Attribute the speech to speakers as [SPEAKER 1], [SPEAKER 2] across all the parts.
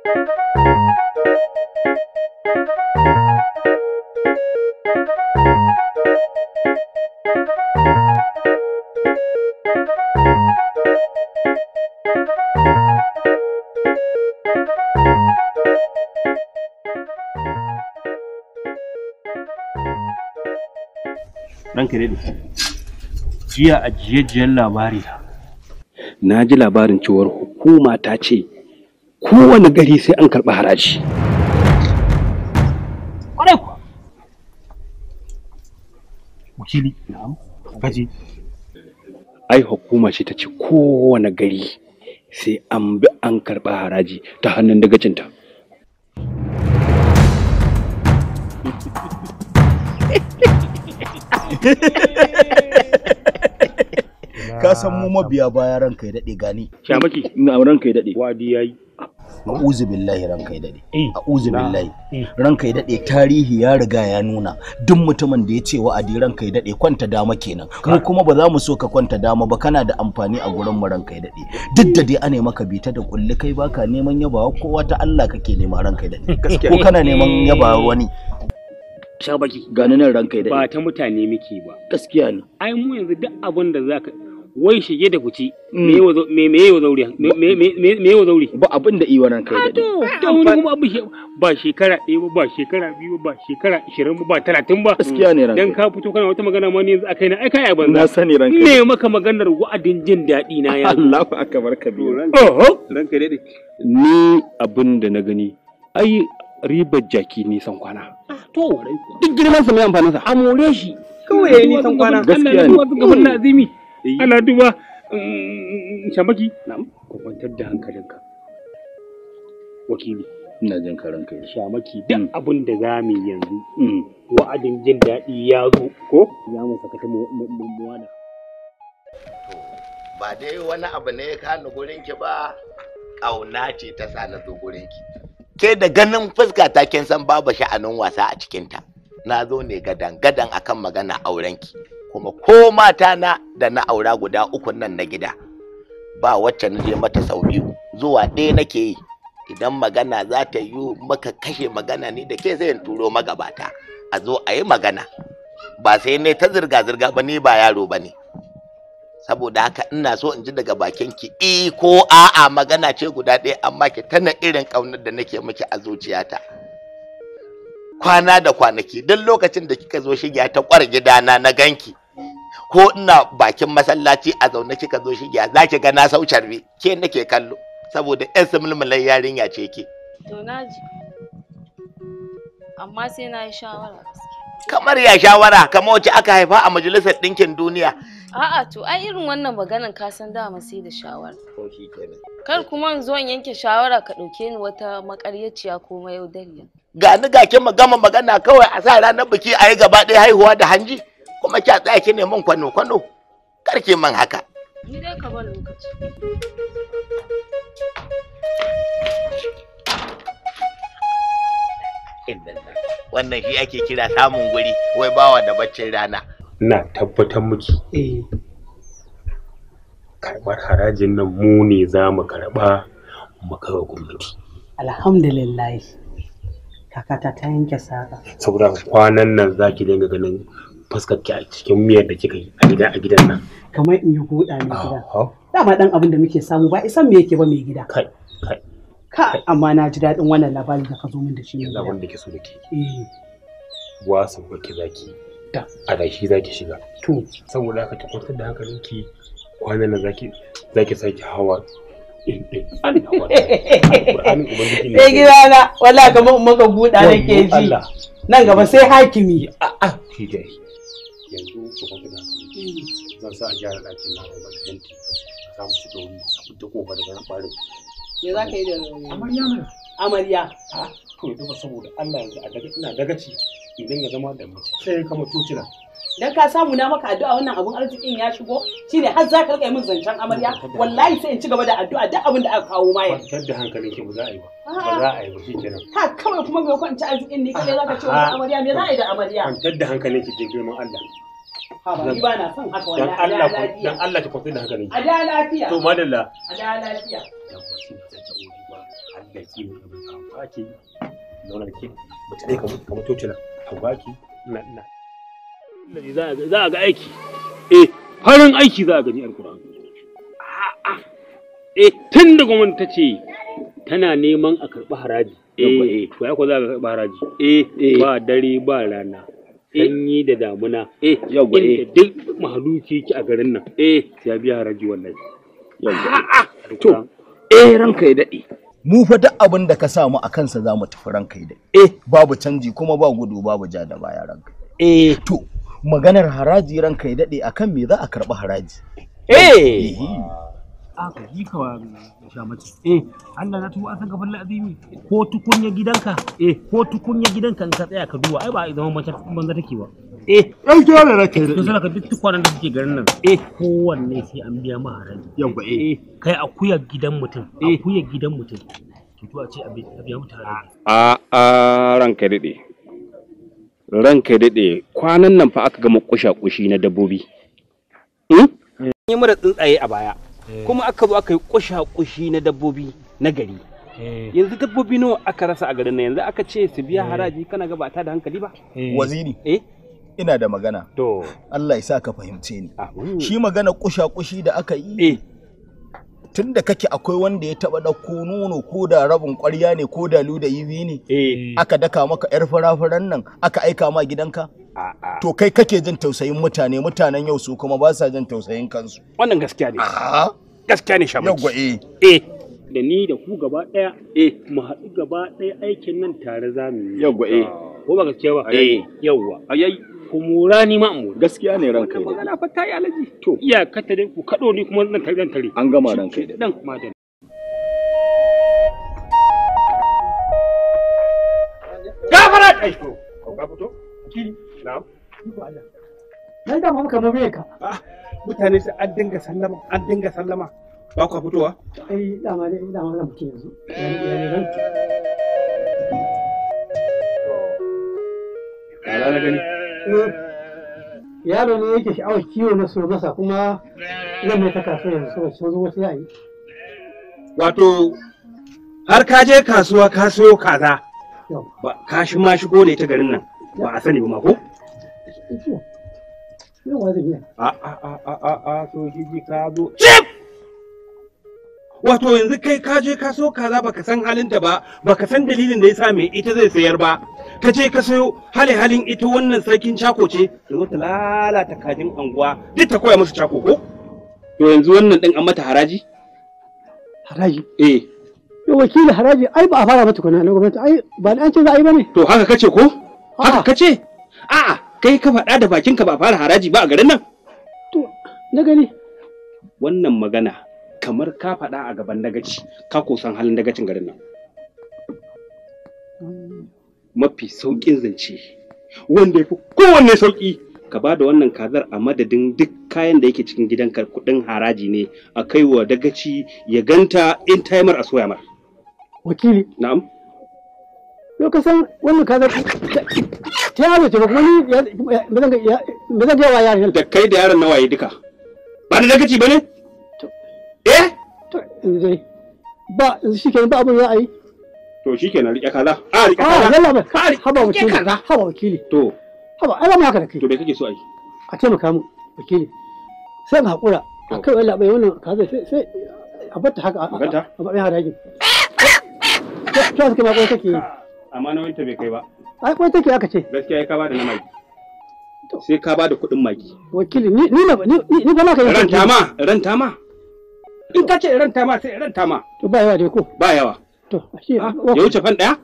[SPEAKER 1] jiya a labari na ji labarin cewar hukuma ta ce kowane gari sai an karɓi haraji kwarai kuwa wakili kaji ai hukuma ce ta ce kowane gari sai an bi an karɓa haraji ta hannun dagacinta ka san mu mabiya baya ranka ya daɗe gani shamaki ina ranka ya daɗe wadi yayi uzu billahi ranka ya dade eh, uzu billahi eh. ranka ya dade tarihi ya riga ya nuna duk mutumin da ya ce wa'adi ranka ya dade kwanta dama kenan mu kuma ba za mu so ka kwanta dama ba kana da amfani a gurin mu ranka ya dade duk da dai ane maka bita da kulli kai baka neman yabawa kowa ta Allah kake nema ranka ya dade ko kana neman eh. yabawa wani sha baki ga nan ranka ya dade ba ta mutane muke ba gaskiya ne ai mu yanzu duk abin da zaka wai shige da kuci mm. me yawa zauri me yawa zauri ba abin da iwa nan kai
[SPEAKER 2] da da wani kuma abin
[SPEAKER 1] ba shekara ɗaya ba shekara biyu ba shekara ishirin ba talatin ba gaskiya ne ranka dan ka fito kana wata magana ma ne yanzu akai na ai kai banza na sani ranka me maka maganar wa'adin jin daɗi na ya Allahu akbar kabir ranka dai ni abin da na gani ai ribar jaki nisan kwana ah, to duk girman sa mai amfanin sa amore shi kawai san kwana gaskiya ne gaban nazimi mm. Eh. Ana duba mm, shamaki. Na'am. Ku kwantar da hankalinka. Wakili. Ina jin karan kai. Shamaki duk mm. abin da za mu yanzu. Mm. Wa'adin jin daɗi ya zo ko? Ya mu sakata mu wada. Ba dai wani abu ne ya kano gurin ki ba ƙauna ce ta sa na zo gurin ki. Ke da ganin fuska ta kin san babu sha'anin wasa a cikinta. Na zo ne gadan gadan akan magana aurenki. kuma ko mata na da na aura guda uku nan na gida ba wacce na je mata sau biyu zuwa ɗaya nake yi idan magana za ta yi maka kashe magana ni da ke zai turo magabata a zo a yi magana ba sai ne ta zirga-zirga ba ni ba yaro ba ne saboda haka ina so in ji daga bakin ki e eh ko a'a magana ce guda ɗaya amma ki tana irin ƙaunar da nake miki a zuciyata kwana da kwanaki duk lokacin da kika zo shiga ta kwar gidana na ganki ko ina bakin masallaci a zaune kika zo shi ya za ki ga na sau carbi ke nake kallo saboda yan sumulmulan yarinya ce ke
[SPEAKER 2] to naji amma sai na yi shawara
[SPEAKER 1] kamar ya shawara kamar wacce aka haifa a majalisar ɗinkin duniya
[SPEAKER 2] a'a to ai irin wannan maganan ka san dama sai da shawara kar kuma in zo in yanke shawara ka ɗauke ni wata makaryaciya ko mayaudariya
[SPEAKER 1] ga ni ga kin magana magana kawai a sa ranar biki a yi gaba ɗaya haihuwa da hanji kuma kya tsaya ki neman kwano kwano karki man haka ni dai ka ba lokaci wannan shi ake kira samun guri wai bawa da baccin rana ina tabbatar miki eh. karɓar harajin nan mu ne za mu karɓa mu kawo
[SPEAKER 2] gwamnati alhamdulillah kakata ta yanke saƙa
[SPEAKER 1] saboda kwanan nan za ki dinga ganin fuskarki a cikin miyar da kika yi a gidan nan kamar in yi huda ne gida dama dan abin da muke samu ba isan me yake ba mai gida kai kai ka amma na ji daɗin wannan labarin da ka zo min da shi yanzu abin da ke so da ke eh. wasu wake zaki da a da shi za ki shiga to saboda haka ki kwantar da hankalinki kwanan nan zaki zaki saki hawa Sai gida na wala kamar ka buɗa ke ji. Nan gaba sai hakimi. A'a,
[SPEAKER 2] shi yanzu ki kwanta da hankali mm. zan sa a gyara ɗakin
[SPEAKER 1] na mai mata fenti a samu su da wuri a fita kofa daga nan ɓarin me za ka yi da amarya mana amarya to yanzu ba saboda Allah yanzu a daga ina dagaci in dinga zama da mace sai kama tutula dan ka samu na maka addu'a wannan abun arzikin ya shigo shine har za ka rika yi min zancen amarya wallahi sai in ci gaba da addu'a duk abin da aka kawo ma ya tar da hankalin ki ba za a yi ba ba za a yi ba shikenan ha kawai kuma ga kwanci arzikin ne kai za ka ce wani amarya me za a yi da amarya tar da hankalin ki da girman Allah Haba, ni ba na son haka wannan Allah dan Allah ki kwantar da hankalin ki a da lafiya to madalla a da ta lafiya Allah ki ne ba ki zauna da ki mutu dai ka mutu ka mutu tila ka baki ina ina za a ga aiki eh farin aiki za a gani alkur'ani eh tun da gwamnati ta ce tana neman a karɓi haraji eh, eh to ya ko za ka karɓi haraji eh, eh ba dare ba rana eh. sanyi da damuna eh yau eh duk mahaluki ki a garin nan eh ya biya haraji wallahi yau to eh ranka ya dade mu fa duk abin da ka samu a kansa za mu tafi ranka ya dade eh babu canji kuma ba gudu babu ja da baya ranka eh to maganar haraji ranka ya daɗe akan me za a karɓi haraji. Eh! Aka yi kawa sha mace. Eh, Allah na tuwa san gaban la'azimi ko tukunya gidanka. Eh, ko tukunya gidanka in ka tsaya ka duba ai ba a zama mace banza take ba. Eh, ai dole rake kai. Yanzu ka duk tukwanan da suke garin nan. Eh, kowanne sai an biya ma haraji. Yawwa eh. eh. Kai akuya gidan mutum, eh. akuya gidan mutum. Ki a ce a biya mutum haraji. A a ranka dade. ranka daɗe kwanan nan fa aka gama kusha-kushi na dabbobi hmm? yi mara tsuntsaye a baya eh. kuma aka zo aka yi kusha-kushi na dabbobi na gari eh. yanzu dabbobi nawa aka rasa a garin nan yanzu aka ce su biya eh. haraji kana gaba ta da hankali ba waziri ina da magana to Allah ya sa ka fahimce ni shi magana kusha-kushi da aka yi tun da kake akwai wanda ya taba ɗauko nono ko da rabin ƙwarya ne ko da luda biyu ne eh. aka daka maka yar farafaran nan aka aika ma gidanka to kai kake jin tausayin mutane mutanen yau su kuma ba sa jin tausayin kansu wannan gaskiya ne gaskiya ne shamaki Yau eh eh da ni da ku gaba daya eh mu haɗu gaba daya aikin nan tare za mu yi yawwa eh ko ba gaskiya ba eh yawwa ayi ku mura ni ma mu gaskiya ne ranka ne magana fa ta yi alaji to iya ta dai ku kado ni kuma zan tare tare an gama ranka ne dan kuma da gafara kai to ka fito ki na'am nan da mu kamar me ka ah, mutane su an dinga sallama an dinga sallama ba ku fitowa
[SPEAKER 2] eh da ma dai da ma zan fito
[SPEAKER 1] yanzu Kala na yaro ne yake sha'awar kiwo na so masa kuma
[SPEAKER 2] zan mai ta kasuwa yanzu saboda sun zo wasu yayi
[SPEAKER 1] wato har ka je kasuwa ka siyo kaza ba ka shi ma shigo ne ta garin nan ba a sani ba ma ko
[SPEAKER 2] a a a a a so jiji
[SPEAKER 1] ka zo ce wato yanzu kai ka je ka so kaza baka san halinta ba baka san dalilin da yasa mai ita zai sayar ba ka je ka sayo hali halin ita wannan sarkin cako ce ta zo ta lalata kajin anguwa duk ta koya musu cako ko to yanzu wannan din an mata haraji haraji eh to wakili haraji ai ba a fara mata kuna na gwamnati ai ba an ce za a yi bane to haka kace ko haka kace a'a kai ka faɗa da bakinka ba fara haraji ba a garin nan to na gani wannan magana kamar ka faɗa a gaban dagaci ka kosan halin dagacin garin nan mafi sauƙin zance wanda ya fi kowanne sauƙi ka ba da wannan kazar a madadin duk kayan da yake cikin gidanka kuɗin haraji ne a kai wa dagaci ya ganta in taimar a soya mar wakili na'am yau ka san wannan kazar ta yaro ce ba kuma ni ba zan ga yawa yaron da kai da yaron nawaye duka ba da dagaci ba ne eh to dai ba shikenan ba abin za a yi to shikenan rike kaza a riƙe ah, kaza a yalla ba ka haba wakili kaza haba wakili to haba ai ba haka da kai to me kake so a yi a taimaka mu wakili sai mu hakura akai yalla bai wannan kaza sai sai a batta haka a ba harajin to suke ma kwai take yi amma nauyin ta bai kai ba ai kwai take aka ce gaskiya ya ka bada na magi sai ka bada kuɗin magi wakili ni ni ni ba ma ka yi ranta ma ranta ma in ka ce ta ma sai ta ma to ba yawa dai ko ba yawa to shi ah, ya wuce fan daya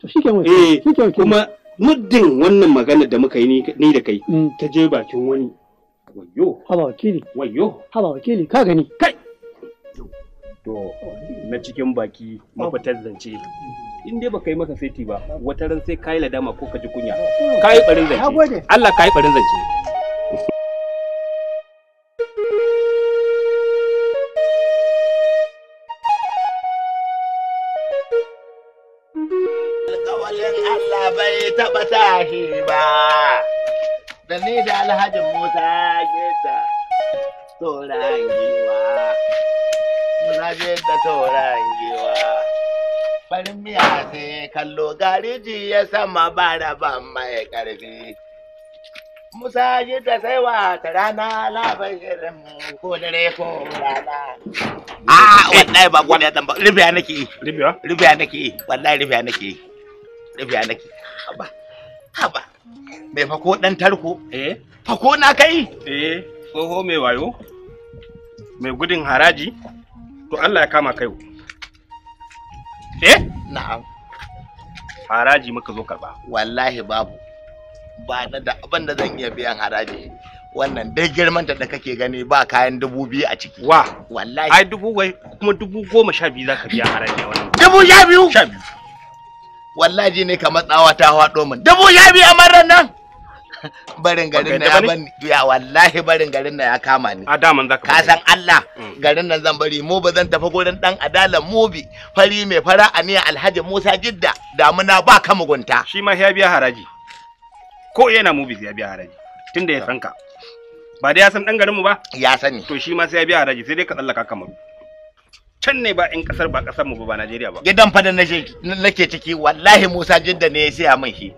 [SPEAKER 1] to shi kenan eh kuma muddin wannan magana da muka yi ni da kai mm. ta je bakin wani wayo haba wakili wayo haba wakili ka gani kai to na cikin baki mafitar zance in dai baka yi masa saiti ba wataran sai kai ladama ko ka ji kunya kai barin zance Allah kai barin zance
[SPEAKER 2] ba,
[SPEAKER 1] da ni da Alhaji Musa da toran giwa muna da toran giwa farin miya sai kallo gariji ya sama bara ba mai Musa da sai rana labarin ko dare
[SPEAKER 2] ko rana
[SPEAKER 1] a ah, ah, eh. wallahi ba gwada dan ba nake nake wallahi nake nake haba mai fako dan tarko eh fako na kai eh tsoho mai wayo mai gudun haraji to Allah ya kama kai eh na'am haraji muka zo karba wallahi babu ba na da abin da zan iya biyan haraji wannan dai girman da kake gani ba kayan dubu biyu a ciki wa wallahi ai dubu wai kuma dubu goma sha biyu za ka biya haraji a wannan dubu sha biyu sha biyu wallahi ne kamar tsawa ta haɗo min dubu ya biyu marar nan barin garin na ya bani. ya wallahi barin garin na ya kama ni a daman zaka ka san Allah mm. garin nan zan bari mu ba zan tafi gurin dan adalan mubi fari mai fara aniya Alhaji Musa Jidda damuna ba ka mugunta shi ma ya biya haraji ko yana mubi ya biya haraji tunda ya san ka ba da ya san dan garin mu ba ya sani to shi ma sai ya biya haraji sai dai ka tsallaka kamaru can ne ba in kasar ba kasar mu ba Najeriya ba gidan fa da nake ciki wallahi Musa Jidda ne ya siya mai shi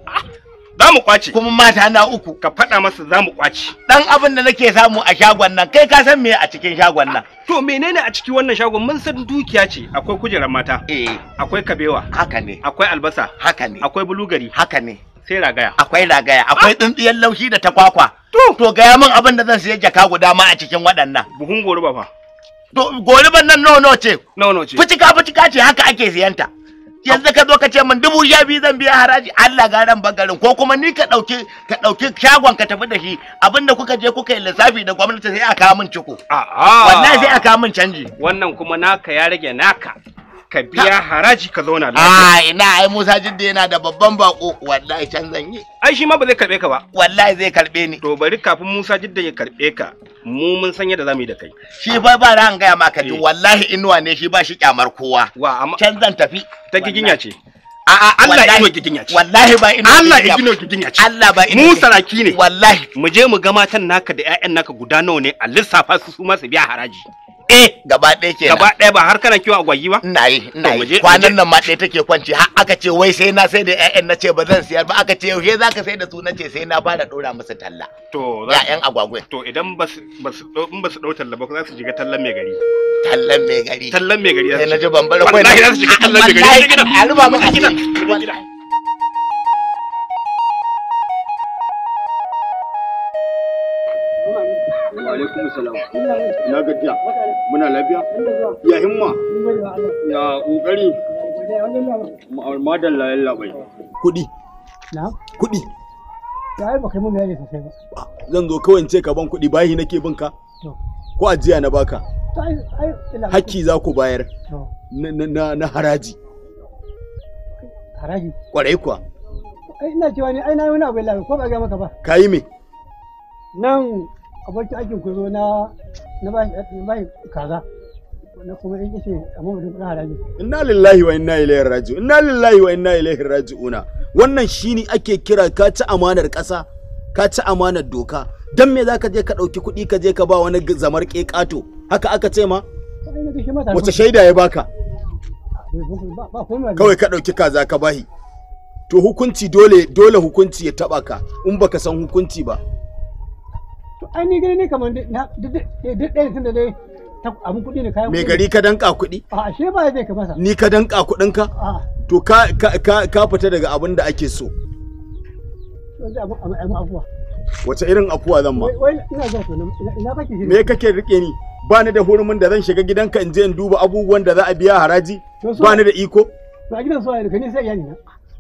[SPEAKER 1] za mu kwace kuma mata na uku ka faɗa masa za mu kwace dan abin da nake samu a shagon nan kai ka san me a cikin shagon nan to menene a ciki wannan shagon mun san dukiya ce akwai kujerar mata eh akwai kabewa haka ne akwai albasa haka ne akwai bulugari haka ne sai ragaya akwai ragaya akwai ah! tsintsiyar laushi da ta kwakwa to to gaya min abin da zan siya jaka guda ma a cikin waɗannan buhun goruba fa goriban nan nono ce nawa ce fucika fucika ce haka ake siyanta yanzu ka zo ka ce min dubu sha biyu zan biya haraji Allah garan bagarin ko kuma ni ka dauki ka dauki shagon ka tafi da shi abinda kuka je kuka yi lissafi da gwamnati sai a kawo min ciko a'a wallahi sai a kawo min canji wannan kuma naka ya rage naka ka biya haraji ka zauna lafiya. A ah, ina ai Musa Jidda yana da babban bako wallahi can zan yi. Ai shi ma ba zai karbe ka ba. Wallahi zai karbe ni. To bari kafin Musa Jidda ya karbe ka mu mun san yadda zamu yi da kai. Shi ba ba an gaya maka ji eh. wallahi inuwa ne shi ba shi kyamar kowa. Wa amma can zan tafi. Ta giginya ce. A'a Allah ya inoki ginya ce. Wallahi ba inoki Allah ya inoki ginya ce. Allah ba inoki. Mu saraki ne. Wallahi. Mu je mu ga matan naka da ƴaƴan naka guda nawa ne a lissafa su su ma su biya haraji. eh gaba ɗaya kenan gaba ɗaya ba har kana kiwo agwagi ba ina yi na yi kwanan nan ma ɗaya take kwanci har aka ce wai sai na sai da ƴaƴan na ce ba zan siyar ba aka ce yaushe za ka sai da su na ce sai na fara ɗora musu talla to ƴaƴan agwagwai to idan ba su in ba su ɗau talla ba za su shiga tallan mai gari tallan mai gari tallan mai gari sai na ji bambara kwai na za su shiga tallan mai gari a ruba maka gidan alaikum salam. Ina gajiya. Muna lafiya? Ya himma. Ya kokari. Madalla yalla bai.
[SPEAKER 2] kudi Na? kudi Ya ai
[SPEAKER 1] baka mun yaje sosai ba. Zan zo kawai ce ka ban kuɗi bayi nake bin ka. Ko ajiya na baka. haki za ku bayar. Na haraji. Haraji? Kwarai kuwa.
[SPEAKER 2] ai Ina cewa ne ai na yi wani abu ya ko ba ga maka ba. Ka yi me? Nan abokin aikin ku zo na na bayan kaza na kuma in ce a mamadin kudin haraji
[SPEAKER 1] inna lillahi wa inna ilaihi raji'un inna lillahi wa inna ilaihi raji'una wannan shine ake kira ka ci amanar ƙasa ka ci amanar doka dan me zaka je ka ɗauki kuɗi ka je ka ba wani zamar ƙeƙato haka aka ce ma wace shaida ya baka kawai ka ɗauki kaza ka bahi to hukunci dole dole hukunci ya taɓa ka in baka san hukunci ba
[SPEAKER 2] to an ni gani ne kamar eh, duk ɗaya tun da dai
[SPEAKER 1] abin kuɗi ne kayan kuɗi. Mai gari ka danka kuɗi a ashe ba zai ka masa ni ka danka kuɗin ka to ka ka ka fita daga abin da ake so wace irin afuwa zan ba me kake rike ni ba ni da hurumin da zan shiga gidanka in je in duba abubuwan da za a biya haraji ba ni da iko to a gidan su ne ka ne sai iyali na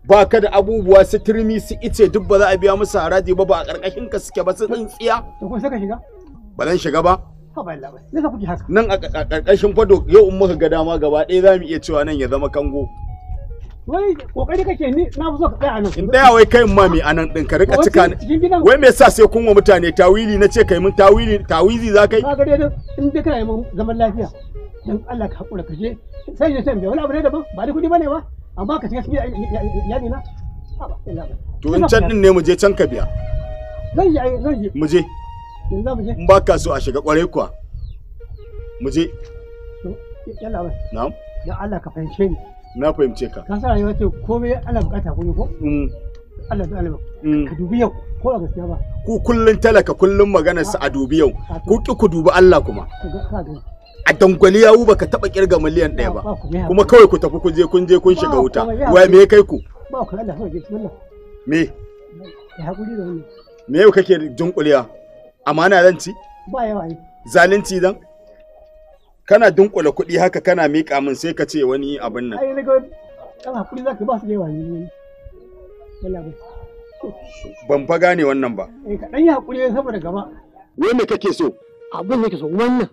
[SPEAKER 1] ba ka da abubuwa su turmi su ice duk ba za a biya musu haraji ba ba a ƙarƙashin ka suke ba su tsintsiya. To ko sai ka shiga? Ba dan shiga ba. Nan a ƙarƙashin fado yau in muka ga dama gaba ɗaya za mu iya cewa nan ya zama kango. Wai kokari kake ni na fi so ka tsaya nan. In tsaya wai kai ma mai anan ɗin ka rika cika wai me yasa sai kunwa mutane tawili na ce kai mun tawili tawizi za ka yi. Ka ga dai in dai kana zaman lafiya dan Allah ka haƙura ka je sai ya san wani abu ne daban ba da kuɗi bane ba.
[SPEAKER 2] amma ka shiga cikin iyali na to in can din
[SPEAKER 1] ne mu je can ka biya zan yi zan yi mu je in ba ka so a shiga kwarai kuwa mu je yalla ba na'am ya Allah ka fahimce ni na fahimce ka ka sa rayuwa ce komai ana bukata ku ne ko mm Allah da Allah mm. ka dubi yau ko a gaskiya ba ku kullun talaka kullun maganar sa a dubi yau ku ki ku dubi Allah kuma
[SPEAKER 2] ka ga
[SPEAKER 1] ya uba ka taba kirga miliyan ɗaya ba kuma kawai ku tafi kun je kun je kun shiga wuta wai me kai ku me me yau kake dunkuliya amana zan ci zalunci dan kana dunkula kuɗi haka kana miƙa min sai ka ce wani abin nan ban fa gane wannan ba eh ka dan hakuri saboda gaba wai me kake so abin da kake so wannan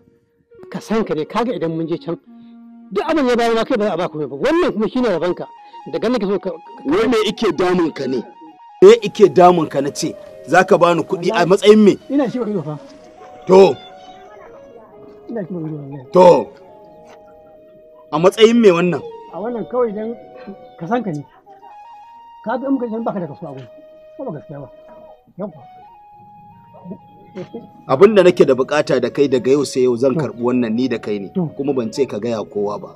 [SPEAKER 1] ka san ka ne kaga idan mun je can duk abin ya bayar ma kai ba za a baka ba wannan kuma shine rabanka daga ka so ka me ike damun ka ne me ike damun ka na ce zaka bani kuɗi a matsayin me
[SPEAKER 2] ina shi ba fa to ina shi ba
[SPEAKER 1] to a matsayin me wannan
[SPEAKER 2] a wannan kawai idan ka san ka ne ka ga ka san baka da kasuwa ba ba gaskiya ba yau
[SPEAKER 1] abin da nake da bukata da kai daga yau sai yau zan karbi wannan ni da kai ne kuma ban ce ka gaya kowa ba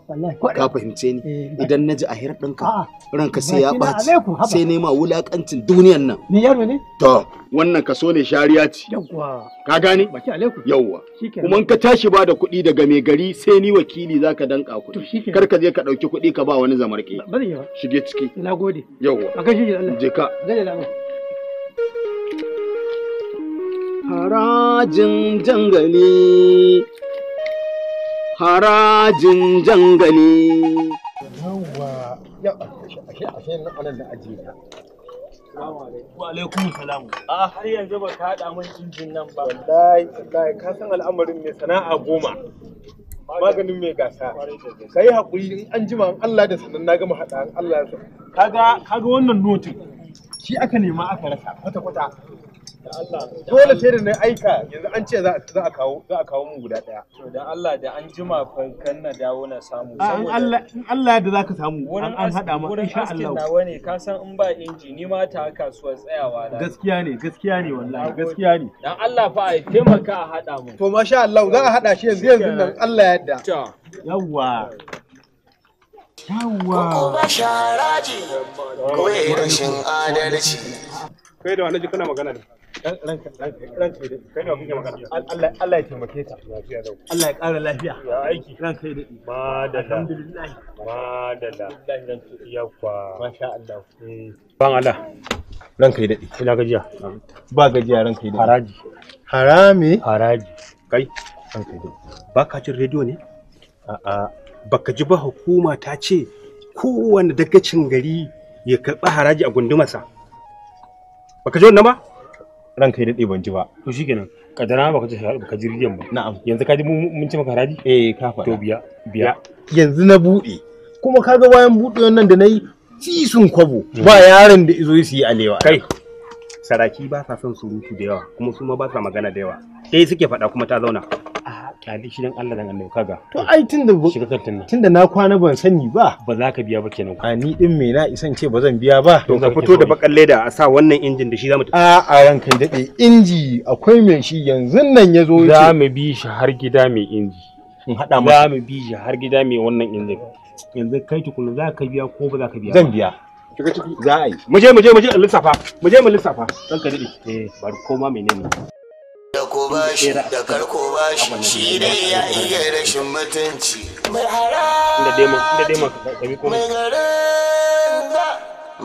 [SPEAKER 1] ka fahimce ni eh, idan na ji a ka ranka sai ya ɓaci sai nema wulakancin duniyan nan ni yaro ne to wannan kaso ne shariya ce ka gane yauwa kuma ka tashi ba da kuɗi daga mai gari sai ni wakili zaka danka kuɗi kar ka je ka ɗauki kuɗi ka ba wani zamarke shige ciki nagode yauwa je ka harajin jangali harajin jangali yawwa yau ashe ashe na wannan da ajiye ta wa alaikum salam a har yanzu ba ka haɗa min injin nan ba wallahi wallahi ka san al'amarin mai sana'a goma maganin mai gasa ka yi haƙuri in an jima an Allah da sanan na gama hada an Allah ya kaga kaga wannan notin shi aka nema aka rasa kwata kwata dole sai da na aika yanzu an ce za a kawo za a kawo mun guda daya to dan Allah da an jima kan na dawo na samu saboda Allah in Allah da zaka samu wurin an hada ma insha Allah wurin nawa ne ka san in ba inji ni ma ta kasuwa tsayawa da gaskiya ne gaskiya ne wallahi gaskiya ne dan Allah fa ai taimaka a hada mu to masha Allah za a hada shi yanzu yanzu nan Allah ya yarda yawwa yawwa ko ba sharaji ko rashin adalci kai da wani kana magana ne Allah ya taimake ka. Allah ya ƙara lafiya. Ya aiki. Ranka ya daɗi. Madalla. Alhamdulillah. Madalla. Yawwa. Masha Allah. Ban Allah. Ranka yi daɗi. Ina gajiya. Ba gajiya ranka yi daɗi. Haraji. Harami? Haraji. Kai. Ranka yi daɗi. Ba ka cin rediyo ne? A'a. Ba ka ji ba hukuma ta ce kowane dagacin gari ya karɓi haraji a gundumarsa. ka ji wannan ba? ranka ya daɗe ban ji ba. To shikenan kadara ba ka ji ka ji riyan ba. Na'am. Yanzu ka ji mun ci maka haraji? Eh ka faɗa. To biya biya. Yanzu na buɗe kuma kaga bayan buɗe wannan da na yi cisun kwabo mm. ba yaron da izo su yi alewa. Kai saraki ba sa son surutu da yawa kuma su ma ba sa magana da yawa. Sai suke faɗa kuma ta zauna. kyale shi don Allah dan annabi kaga to ai tunda shiga kantin nan tunda na kwana ban sani ba ba za ka biya ba kenan a ni din me na isan ce ba zan biya ba to ka fito da bakan leda a sa wannan injin da shi zamu a a ran kai dade inji akwai mai shi yanzu nan ya zo za mu bi shi har gida mai inji
[SPEAKER 2] in hada mu za mu
[SPEAKER 1] bi shi har gida mai wannan injin yanzu kai tukuna za ka biya ko ba za ka biya zan biya shiga ciki za a yi mu je mu je mu je lissafa mu je mu lissafa ranka dade eh bar koma menene da ko ba shi da karko ba shi shi ne ya iya rashin mutunci mai hara mai garin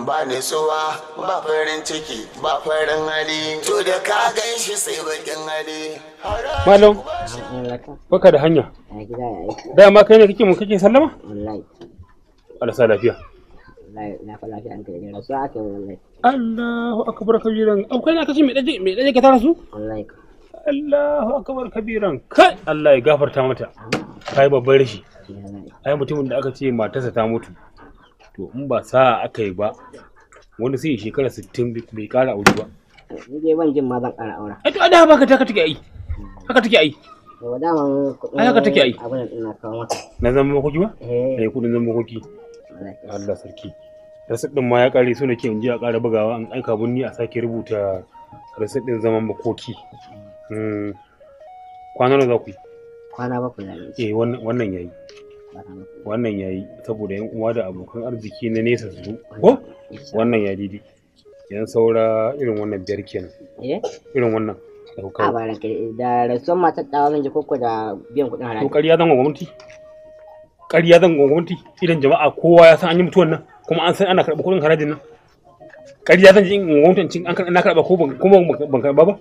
[SPEAKER 1] ba nutsuwa ba farin ciki ba farin hali to da ka gan shi sai bakin hali malam baka da hanya da ma kai ne kake mu kake sallama
[SPEAKER 2] wallahi sa lafiya
[SPEAKER 1] Allahu akbar kabiran. akwai na kashi mai daje
[SPEAKER 2] mai daje ka tara su? Wallahi. Allahu
[SPEAKER 1] akbar kabiran
[SPEAKER 2] kai Allah ya gafarta mata
[SPEAKER 1] kai babbar rashi ai mutumin da aka ce matarsa ta mutu to in ba sa aka yi ba wani sai shekara 60 bai kara aure ba
[SPEAKER 2] ni dai ban jin ma zan kara aure ai to ada baka ta take ai haka take ai ai haka take ai
[SPEAKER 1] na zama makoki ba eh, eh kudin zama makoki
[SPEAKER 2] Allah sarki
[SPEAKER 1] rasid din ma ya kare su nake in ji a kara bugawa an aika bunni a sake rubuta rasid din zaman makoki Mm. kwana na za ku yi kwana bakwai na yi eh wannan ya yi. wannan ya yi saboda yan uwa da abokan arziki na nesa su ko wannan ya didi yan saura irin wannan biyar kenan eh? irin wannan
[SPEAKER 2] daukar a baran kai da rasuwar matar dawa zan ji koko da biyan kuɗin haraji to
[SPEAKER 1] ƙarya zan gwamnati ƙarya zan gwamnati idan jama'a kowa ya san an yi mutuwan nan kuma an san ana karɓar kuɗin harajin nan ƙarya zan ji in gwamnati an karɓa ko ban karɓa ba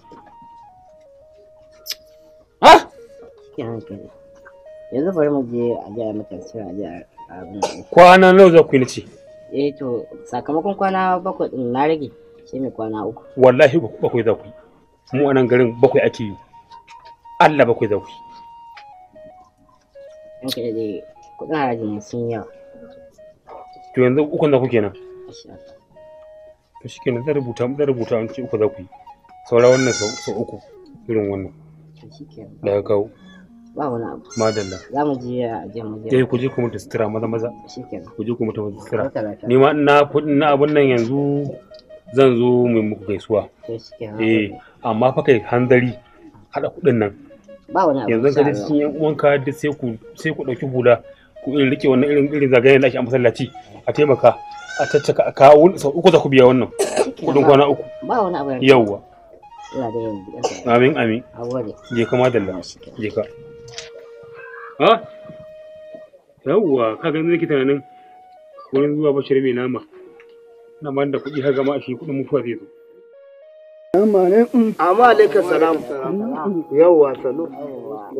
[SPEAKER 2] cikin hankali yanzu bari mu je a je a mata sura a je a abin
[SPEAKER 1] kwana nawa za ku yi nace
[SPEAKER 2] eh to sakamakon kwana bakwai din na rage shi mai kwana uku
[SPEAKER 1] wallahi bakwai za ku yi mu a nan garin bakwai ake yi Allah bakwai za ku yi
[SPEAKER 2] in ka dai kuɗin harajin sun yawa
[SPEAKER 1] to yanzu uku da ku kenan to shi kenan zan rubuta zan rubuta an ce uku za ku yi saura wannan sau uku irin wannan da ya kawo ba wani abu madalla
[SPEAKER 2] za mu je a je mu je eh ku
[SPEAKER 1] je ku mutu sutura maza maza shikenan ku je ku mutu sutura ni ma na na abun nan yanzu zan zo mu muku gaisuwa eh amma fa kai hanzari hada kudin nan
[SPEAKER 2] ba wani abu yanzu ka je cikin yan uwanka
[SPEAKER 1] duk sai ku sai ku dauki hula ku irin rike wannan irin irin zagayen da ake a masallaci a taimaka a tattaka a kawo sau uku za ku biya wannan
[SPEAKER 2] kudin kwana uku ba wani abu yawwa
[SPEAKER 1] amin amin je ka madalla je ka ha yawwa ka ga nake tunanin wurin zuwa bashir mai nama na man da kuɗi har gama shi kuɗin mutuwa zai zo
[SPEAKER 2] amma alaikum salam yawwa salo ya ya ya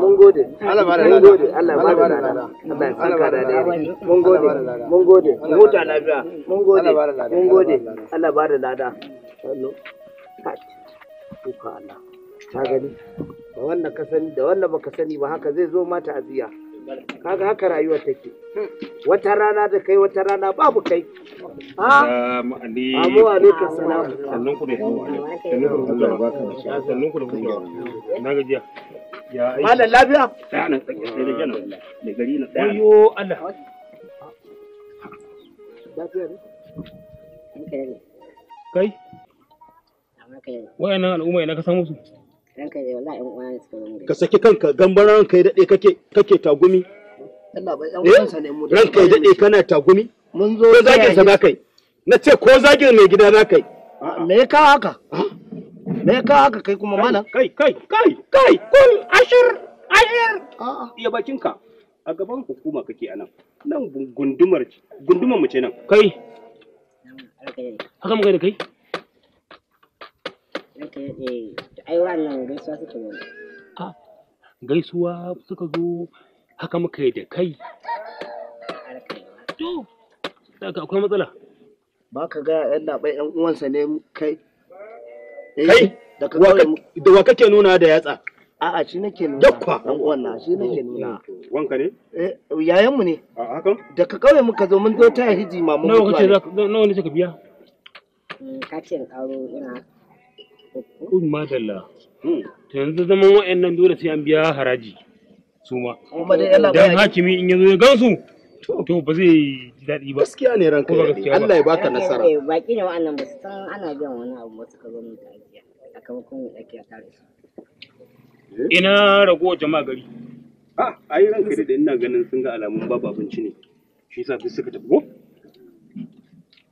[SPEAKER 2] mun gode Allah da mun gode Allah ya saka da dai mun gode mun gode mun gode mun gode Allah
[SPEAKER 1] ba lada da wannan ka sani baka sani ba haka zai zo ma ta'aziya kaga haka rayuwa take wata rana da kai wata rana babu kai ma'ani ah. Assalamu ah. alaikum. sannan ku da sannan ku da ku sannan da Na gajiya. Ya ai. Malam lafiya? Sai nan sai da jana Da gari na tsaya. Ayyo Allah. Lafiya ne? Kai? Wayannan al'umma ina ka san musu?
[SPEAKER 2] ranka da wallahi yan uwana suka mun ka
[SPEAKER 1] saki kanka gambaran ranka ya daɗe kake kake tagumi
[SPEAKER 2] Allah bai yan eh? uwansa ne mu ranka ya
[SPEAKER 1] dade kana tagumi mun zo ko zagin sa kai na ce ko zagin mai gida na kai me ka haka me ka haka kai kuma malam kai kai kai kai kul ashir ashir ya bakinka a gaban hukuma kake anan nan gundumar gundumar mu ce nan kai haka mu kai da kai
[SPEAKER 2] gaisuwa suka zo
[SPEAKER 1] a gaisuwa suka zo haka muka yi da kai to daga akwai matsala
[SPEAKER 2] ba ka ga yan yan uwansa ne kai
[SPEAKER 1] eh, kai da wa kake nuna da yatsa a'a shi nake nuna dakwa dan uwan na shi nake nuna wanka ne eh yayan mu ne a da ka kauye muka zo mun zo ta hiji mamu nawa kace
[SPEAKER 2] nawa ne suka biya mm, ka ce in karo ina
[SPEAKER 1] kun madalla hmm. to yanzu zaman wa'annan dole sai an biya haraji su ma dan hakimi in ya gansu to ba zai ji daɗi ba gaskiya ne ranka Allah ya baka nasara
[SPEAKER 2] eh, baki ne wa'annan ba san ana biyan wani abu zo ajiya sakamakon tare su
[SPEAKER 1] eh? ina ragowar jama'a gari a ah, ai ranka da ina ganin sun ga alamun babu abinci ne shi yasa duk suka tafi ko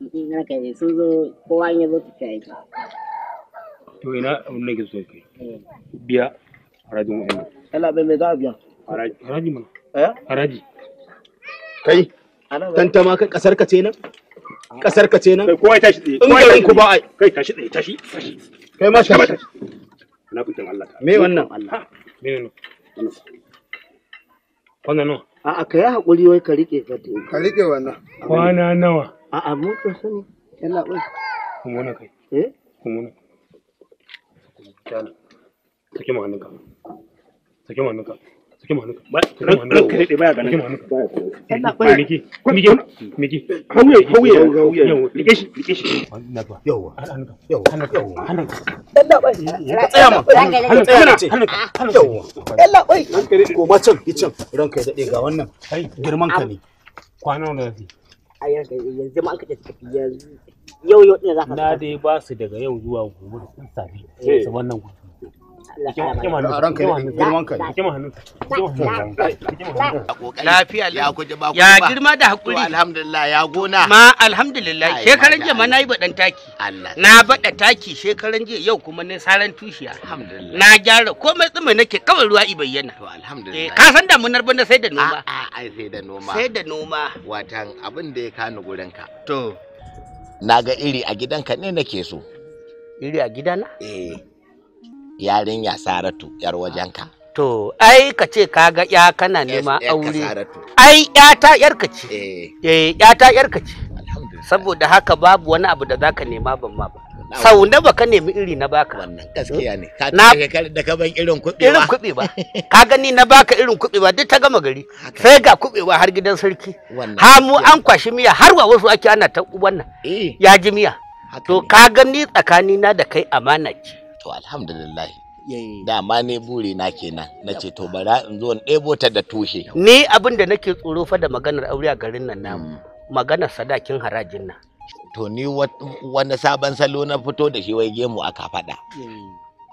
[SPEAKER 2] mm, kai sun zo kowa ya zo tafiya yake
[SPEAKER 1] to ina abin da ke so kai eh. biya harajin wa'annan
[SPEAKER 2] Allah bai mai za a biya
[SPEAKER 1] haraji ma eh? haraji kai tantama kai kasar ka ce nan kasar ka ce nan kai kowa tashi tsaye in garin ku ba ai kai tashi tsaye tashi kai ma tashi na fitin Allah ka me wannan Allah me wannan kwana nawa
[SPEAKER 2] a a kai hakuri wai ka rike ka te ka rike wannan
[SPEAKER 1] kwana nawa
[SPEAKER 2] a a mu ka sani yana ba
[SPEAKER 1] kun na kai eh kun na Dana. Sake mu hannunka. mu hannunka. mu hannunka. mu hannunka. Ranka baya ganin. mu hannunka. Miki. Miki. Ka tsaya ma. ga wannan. Girman ka ne. Kwana wanda
[SPEAKER 2] yanzu ma an kace yanzu yau yau ɗin za ka na
[SPEAKER 1] dai ba su daga yau zuwa gobe da sun sami eh. wannan gudu lafiya ya kuji ba ya girma da hakuri alhamdulillah ya gona ma alhamdulillah shekaran jiya ma nayi badan taki na bada taki shekaran jiya yau kuma ne saran tushiya na gyara komai tsima nake kawai ruwa i bayyana to alhamdulillah eh, ka san damunar bana sai da noma a sai da noma sai da noma watan abin da ya kani gurin ka to na ga iri a gidanka ne nake so iri a gidana eh yarinya saratu yar wajenka ah, to ai ka ce kaga ya kana nema aure ai yata yarka ce eh, eh yata yarka ce saboda haka babu wani abu da zaka nema ban ma ba sau na baka nemi iri na baka wannan gaskiya ne ka da ka ban irin kuɓewa irin kuɓewa ka gani na baka irin kuɓewa duk ta gama gari sai ga kuɓewa har gidan sarki ha mu an kwashi miya har wa wasu ake ana ta wannan eh. ya ji miya to ka gani tsakanina da kai amana ce to alhamdulillah dama ne buri na kenan na ce to bara in zo in ɗebo ta da tushe ni abin da nake tsoro fa da maganar aure a garin nan namu mm. maganar sadakin harajin nan to ni wani sabon salo na fito da shi wai gemu aka faɗa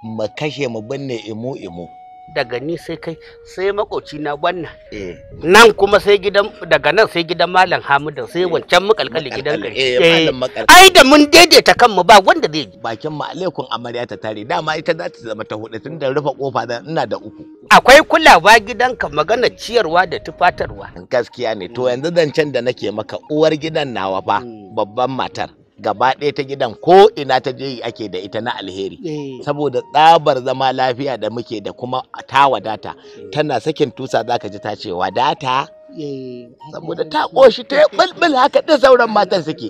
[SPEAKER 1] mu kashe mu binne imu imu daga ni sai kai sai makoci na wannan eh. nan kuma sai gidan daga nan sai gidan malam hamida sai eh. wancan makalkali gidan karshe eh, ai da mun daidaita kanmu ba wanda zai ji bakin mu alaikum amarya ta tare dama ita za ta zama ta hudu tun da rufe kofa da ina da uku akwai kulawa gidan ka magana ciyarwa da tufatarwa gaskiya ne to yanzu zancen da nake maka uwar gidan nawa fa hmm. babban matar gaba ɗaya ta gidan ko ina ta je ake da ita na alheri eh. saboda tsabar zama lafiya da muke da kuma ta wadata eh. tana sakin tusa zaka ji ta ce wadata eh, saboda ta ƙoshi ta yi ɓulɓul haka da sauran matan suke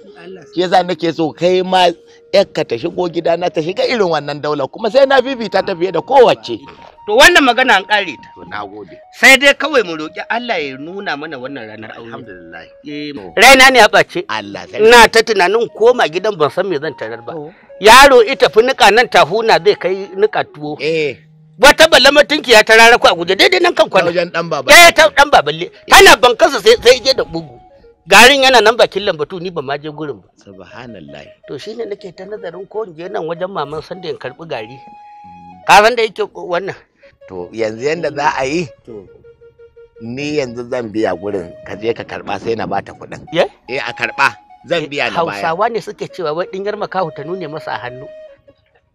[SPEAKER 1] shi na nake so kai ma ka ta shigo gidana ta shiga irin wannan daular kuma sai na fifita ta fiye da kowace To wannan magana an kare ta. To na gode. Sai dai kawai mu roƙi Allah ya nuna mana wannan ranar aure. Alhamdulillah. Eh, raina ne ya tsace. Allah sai. Ina ta tunanin koma gidan ban san me zan tarar ba. Yaro ita fi nika nan tahuna zai kai nika tuwo. Eh. wata balle mutunki ya tarara ku a guje daidai nan kan kwana wajen dan baba eh ta dan baballe tana bankansa sai sai je da bugu garin yana nan bakin lambatu ni ba ma je gurin ba subhanallahi to shine nake ta nazarin ko nje nan wajen maman sanda in karbi gari ka san da yake wannan to yanzu yanda za a yi ni yanzu zan biya gurin ka je ka karba sai na bata kuɗin eh a karba zan biya na baya hausawa ne suke cewa wai dingar makahu ta nune masa a hannu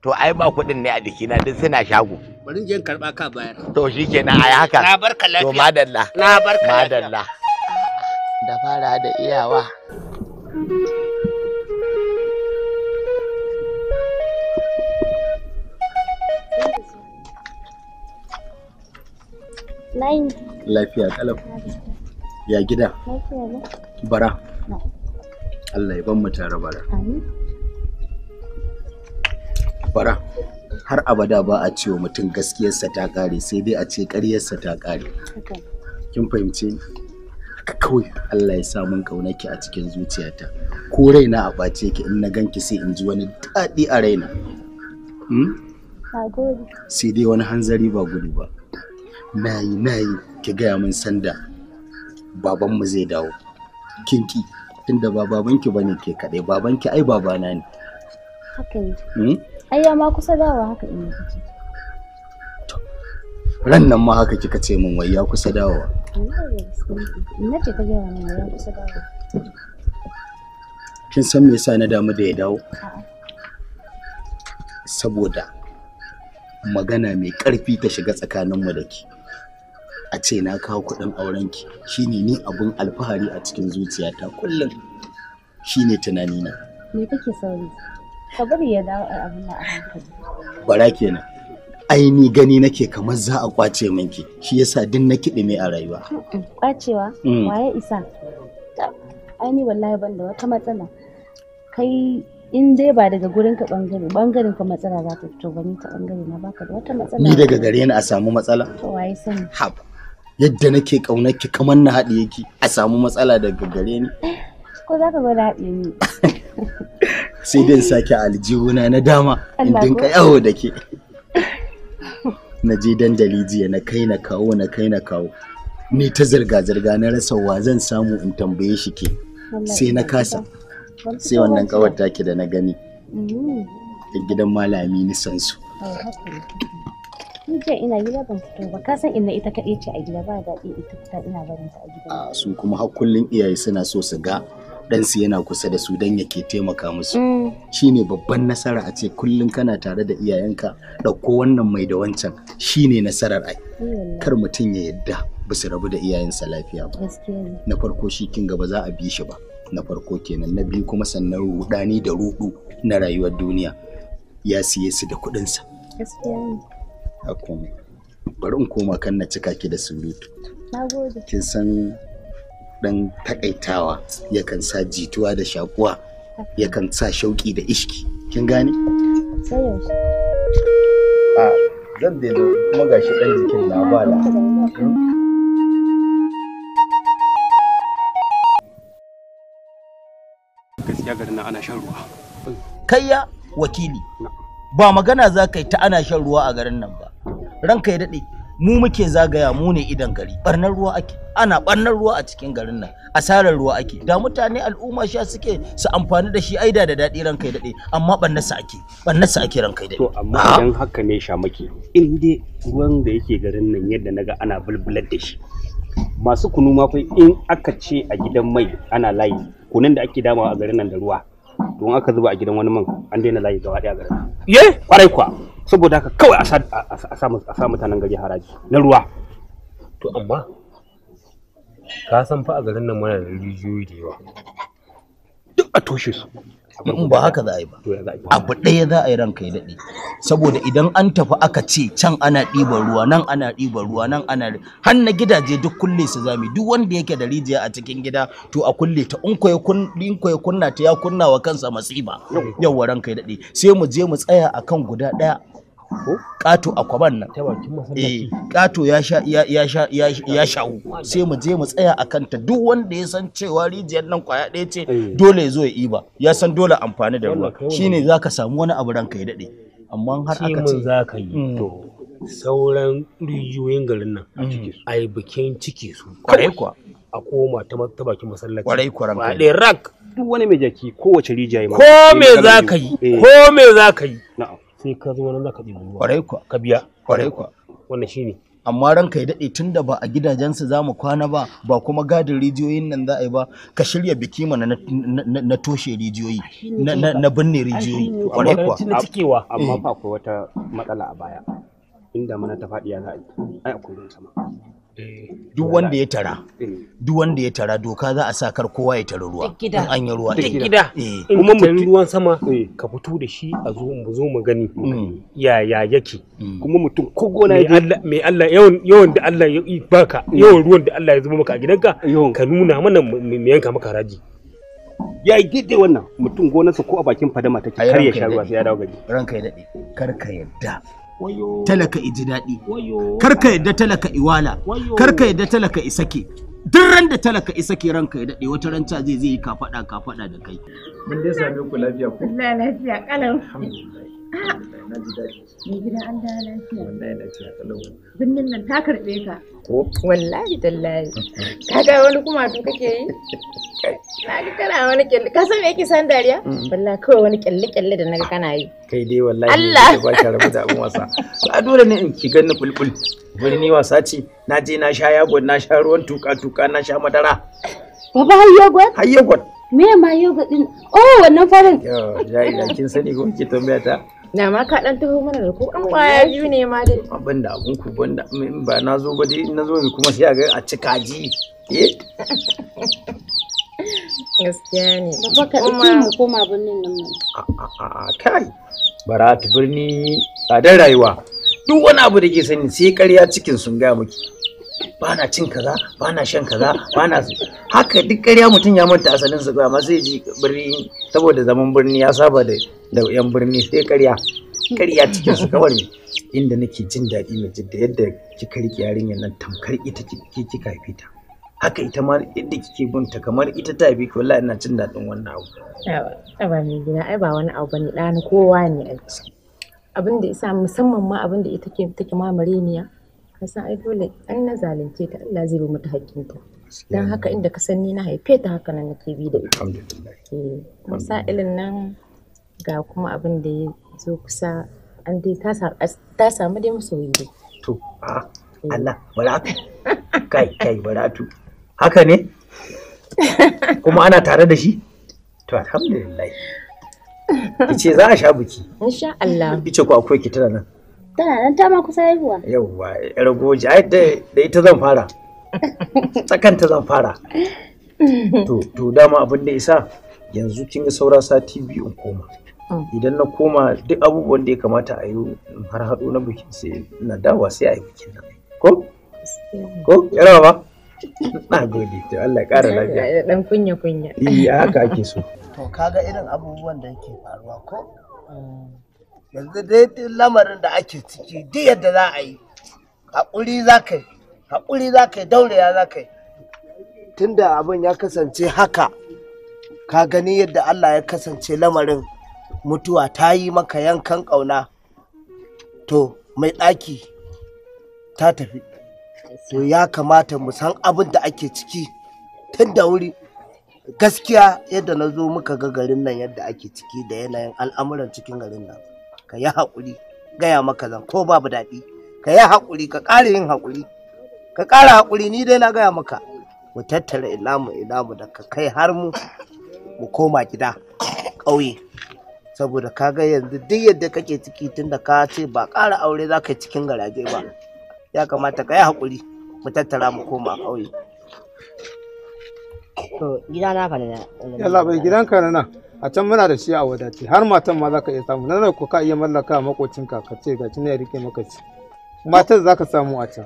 [SPEAKER 1] to ai ba kuɗin ne a jikina duk suna shago bari je karba ka bayar to shikenan ai haka na barka lafiya to madalla na barka madalla da fara da iyawa
[SPEAKER 2] Lafiya
[SPEAKER 1] kalaf. Ya gida. Bara. Allah ya ban tare bara. Bara. Har abada ba a cewa mutum gaskiyarsa ta ƙare sai dai a ce ƙaryarsa ta ƙare. Kin fahimci ni? kawai Allah ya sa mun ki a cikin zuciyata ko raina a bace ki in na ganki sai in ji wani daɗi a raina hmm? sai dai wani hanzari ba gudu ba na yi na yi ki gaya min sanda babanmu zai dawo kinki tunda ba babanki bane ke kaɗai babanki ai babana ne haka ne hmm?
[SPEAKER 2] ai ya ma kusa dawa haka in kike
[SPEAKER 1] ran nan ma haka kika ce min wai ya kusa dawa?
[SPEAKER 2] ya kusa
[SPEAKER 1] kin san me yasa na damu da ya dawo saboda magana mai ƙarfi ta shiga tsakaninmu da ke a ce na kawo kuɗin aurenki shine ni abun alfahari a cikin zuciyata kullum shine na.
[SPEAKER 2] me kake sauri ka bari ya dawo a abin da a hankali
[SPEAKER 1] bara kenan ai ni gani nake kamar za a kwace ki. shi yasa din na mai a rayuwa
[SPEAKER 2] kwacewa mm. waye isa ai ni wallahi ban da wata matsala kai in dai ba daga gurin ka bangare bangaren ka matsala za ta fito ba ni ta bangare na baka da wata matsala ni daga
[SPEAKER 1] gare ni a samu matsala to waye sani haba yadda nake ƙaunar ki kamar na haɗe yake a samu matsala daga gare ni
[SPEAKER 2] ko za ka gwada haɗe ni
[SPEAKER 1] sai dai sake aljihuna na dama in dinka yawo da ke na je dandali jiya na kai na kawo na kai na kawo ni ta zirga-zirga na rasa wa zan samu in tambaye shi ke
[SPEAKER 2] sai na kasa sai wannan kawar
[SPEAKER 1] take da na gani
[SPEAKER 2] da mm.
[SPEAKER 1] gidan malami san su
[SPEAKER 2] tun ina gida ban fito ba ka san inna ita kaɗai ce a gida ba daɗi ita fita ina barin ta a
[SPEAKER 1] gida a su kuma har kullun iyaye suna so su ga ɗansu yana kusa da su don yake taimaka musu mm. shine babban nasara a ce kullum kana tare da iyayenka ɗauko wannan mai da wancan shine nasarar ai kar mutum ya yadda ba su rabu da iyayensa lafiya ba na farko shi kin gaba za a bi shi ba na farko kenan na biyu kuma sannan rudani da rudu na rayuwar duniya ya siye su da kuɗinsa a komai bari in koma kan na cika ki da surutu kin san dan takaitawa yakan sa jituwa da shakuwa yakan sa shauki da ishki kin gane a zan daina kuma gashi dan jikin na bala gaskiya garin nan ana shan ruwa. Kayya wakili ba magana za ka yi ta ana shan ruwa a garin nan ba. ranka ya daɗe mu muke zagaya mu ne idan gari barnar ruwa ake ana barnar ruwa a cikin garin nan asarar ruwa ake da mutane al'umma sha suke su amfani da shi aida da daɗi ranka ya daɗe amma barnar sa ake barnar sa ake ranka ya daɗe to amma idan haka ne sha maki in dai ruwan da yake garin nan yadda naga ana bulbular da shi masu kunu ma fa in aka ce a gidan mai ana layi kunan da ake damawa a garin nan da ruwa don aka zuba a gidan wani man an daina layi gaba ɗaya garin ye kwarai kwa saboda haka kawai a sa mutanen gari haraji na ruwa to amma ka san fa a garin nan muna da rijiyoyi da yawa duk a toshe su in ba haka za a yi ba abu ɗaya za a yi ranka ya daɗe saboda idan an tafi aka ce can ana ɗiban ruwa nan ana ɗiban ruwa nan ana har na gidaje duk kulle su zami duk wanda yake da rijiya a cikin gida to a kulle ta in kwaye kun kwaye kunna ta ya kunna wa kansa masiba yawwa ranka ya daɗe sai mu je mu tsaya akan guda ɗaya Ƙato kato a kwaban nan eh kato ya sha ya sha ya sai mu je mu tsaya a kanta duk wanda ya san cewa rijiyar nan kwaya ɗaya ce eh. dole ya zo ya iba ya san dole amfani da ruwa shine zaka samu wani abu ranka ya dade amma har aka ce ka yi mm. to sauran rijiyoyin garin nan a yi mm. bikin ciki su kwarai kuwa a koma ta bakin masallaci kwarai ranka ba ɗaya rak duk wani mai jaki kowace rijiya ko me za ka yi eh. ko me za ka yi na'am sai ka zo nan zaka je kwarai kwa ka biya kwarai kwa wannan shine amma ran kai daɗe tunda ba a gidajensu za mu kwana ba ba kuma gadin rijiyoyin nan za a yi ba ka shirya biki mana na toshe rijiyoyi na binne rijiyoyi kwarai kwa na cikewa eh. amma fa akwai wata matsala a baya inda mana ta ya za a yi ai akwai ruwan sama Eh, duk wanda ya tara eh. duk wanda ya tara doka za a sa kar kowa ya tara ruwa in an yi ruwa duk gida eh. kuma mutum ruwan sama ka fito da shi a zo mu zo mu gani mm. ya ya yake mm. kuma mutum ko gona ya Allah yawan yawan da Allah ya baka mm. yawan ruwan da Allah ya zuba maka a gidanka ka nuna mana me yanka maka haraji ya yi daidai wannan mutum gonarsa ko a bakin fadama take kar ya sha ruwa sai ya dawo gari ranka ya dade kar ka yadda talaka iji daɗi karka yadda talaka iwala karka yadda talaka isake duk ran da talaka isake, ranka ya daɗe wata ranta zai zai yi kafaɗa kafaɗa da kai. Mun
[SPEAKER 2] na ji daɗi mai gida an da lafiya wallahi lafiya kalau binnin nan ta karɓe ka ko wallahi tallahi ka ga wani kuma to kake yi na ga kana wani kyalle ka san me yake san dariya mm. wallahi kawai wani kyalle kyalle da naga kana yi kai dai wallahi Allah ba ka rabu da abun wasa
[SPEAKER 1] a dole ne in ki ganni bulbul ni wasa ce na je na sha yagon na sha ruwan tuka tuka na sha madara
[SPEAKER 2] baba hayyagwan hayyagwan me ma yoga din oh wannan farin
[SPEAKER 1] ya ila kin sani ko kike tambaya ta
[SPEAKER 2] na ma ka dan taho mana da ku an kwaya biyu ne ma dai
[SPEAKER 1] abin da abun ku banda ba na zo ba dai na zo ne kuma sai a ga a cika ji eh?
[SPEAKER 2] gaskiya ne ba ka ɗauki mu koma birnin nan
[SPEAKER 1] a kai baratu birni tsadar rayuwa duk wani abu da ke sani sai ƙarya cikin sun gaya miki ba na cin kaza ba na shan kaza ba na haka duk ƙarya mutum ya manta asalin su amma sai ji birni saboda zaman birni ya saba da da yan birni sai ƙarya ƙarya cikin su kawai inda nake jin daɗi mai jidda yadda kika rike yarinyar nan tamkar ita kike kika fita haka ita ma yadda kike ta kamar ita ta bi wallahi ina jin daɗin wannan abu
[SPEAKER 2] ba mai gina ai ba wani abu bane ɗani kowa ne abin da isa musamman ma abin da ita take take mamare ya. ka san ai dole an na zalunce ta Allah zai bi mata haƙƙinta don haka inda ka san ni na haife ta haka nan nake bi da ita eh, masailin nan ga kuma abin da ya zo kusa an dai ta samu dai masoyi dai
[SPEAKER 1] to eh. Allah baratu kai kai baratu haka ne kuma ana tare da shi to alhamdulillah ki ce za a sha biki
[SPEAKER 2] insha Allah
[SPEAKER 1] ki ce ku akwai ki tana nan
[SPEAKER 2] tana nan ta ma kusa haihuwa
[SPEAKER 1] yawwa ƴar goji ai da ita zan fara tsakanta zan fara to to dama abin da isa yanzu kin ga saura sati biyu in koma mm. idan na koma duk abubuwan da ya kamata a yi har haɗo na bikin sai na dawa sai a yi bikin nan ko ko yarawa ba na gode to Allah ya ƙara lafiya
[SPEAKER 2] da dan kunya kunya Iya, eh, haka ake so to kaga irin
[SPEAKER 1] abubuwan da yake faruwa ko mm. yanzu dai lamarin da ake ciki duk yadda za a yi haƙuri za ka yi haƙuri za ka yi daureya za ka yi Tun da abin ya kasance haka ka gani yadda Allah ya kasance lamarin mutuwa ta yi maka yankan ƙauna to mai ɗaki ta tafi to ya kamata mu san abin da ake ciki tun da wuri gaskiya yadda na zo muka ga garin nan yadda ake ciki da yanayin al'amuran cikin garin nan ka yi haƙuri gaya maka zan ko babu daɗi ka yi haƙuri ka ƙara yin haƙuri ka ƙara haƙuri ni dai na gaya maka mu tattara ilamu ilamu da ka kai har mu mu koma gida ƙauye saboda ka ga yanzu duk yadda kake ciki tun da ka ce ba ƙara aure za ka yi cikin garaje ba ya kamata ka yi haƙuri mu tattara mu koma ƙauye. to gidana fa ne yalla bai gidanka na a can muna da shi a wadace har matan ma zaka iya samu nan ko ka iya mallaka makocinka ka ce ga ne ya rike maka ci matar zaka samu a can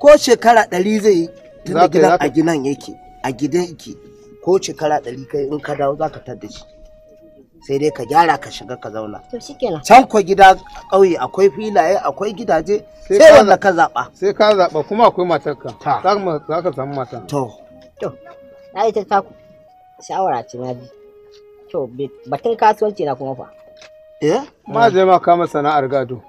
[SPEAKER 1] ko shekara ɗari zai tun gidan a gidan yake a gidan yake ko shekara ɗari kai in ka dawo zaka tar da shi sai dai ka gyara ka shiga ka zauna can ko gida ƙauye akwai filaye akwai gidaje sai wanda ka zaɓa sai ka zaɓa kuma akwai matar za ka samu matar. to
[SPEAKER 2] to na ita ta shawara ce na biyu To, batun kasuwanci na kuma fa.
[SPEAKER 1] Eh? Ma hmm. je ma kama sana'ar gado.